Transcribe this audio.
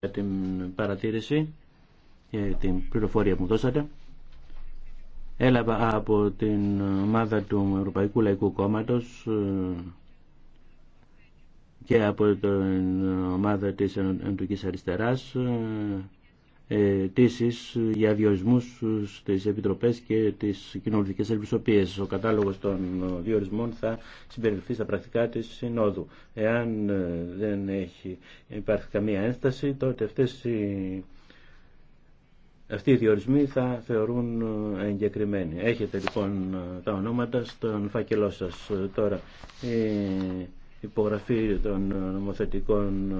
για την παρατήρηση και την πληροφορία που μου δώσατε. Έλαβα από την ομάδα του Ευρωπαϊκού Λαϊκού Κόμματος ε, και από την ομάδα της Ενωτικής Αριστεράς ε, τήσει ε, για διορισμούς ε, στις επιτροπές και τις κοινωνικές ελπισοπίες. Ο κατάλογος των ε, διορισμών θα συμπεριληφθεί στα πρακτικά της Συνόδου. Εάν δεν έχει υπάρχει καμία ένσταση, τότε αυτές οι... Αυτοί οι διορισμοί θα θεωρούν εγκεκριμένοι. Έχετε λοιπόν τα ονόματα στον φάκελό σας τώρα. Η υπογραφή των νομοθετικών